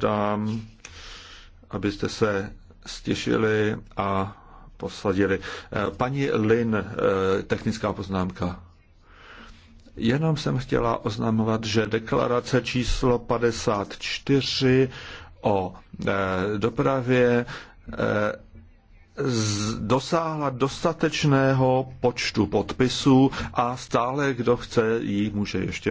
dám, abyste se stěšili a posadili. Eh, paní Lin, eh, technická poznámka. Jenom jsem chtěla oznamovat, že deklarace číslo 54 o eh, dopravě dosáhla dostatečného počtu podpisů a stále kdo chce ji může ještě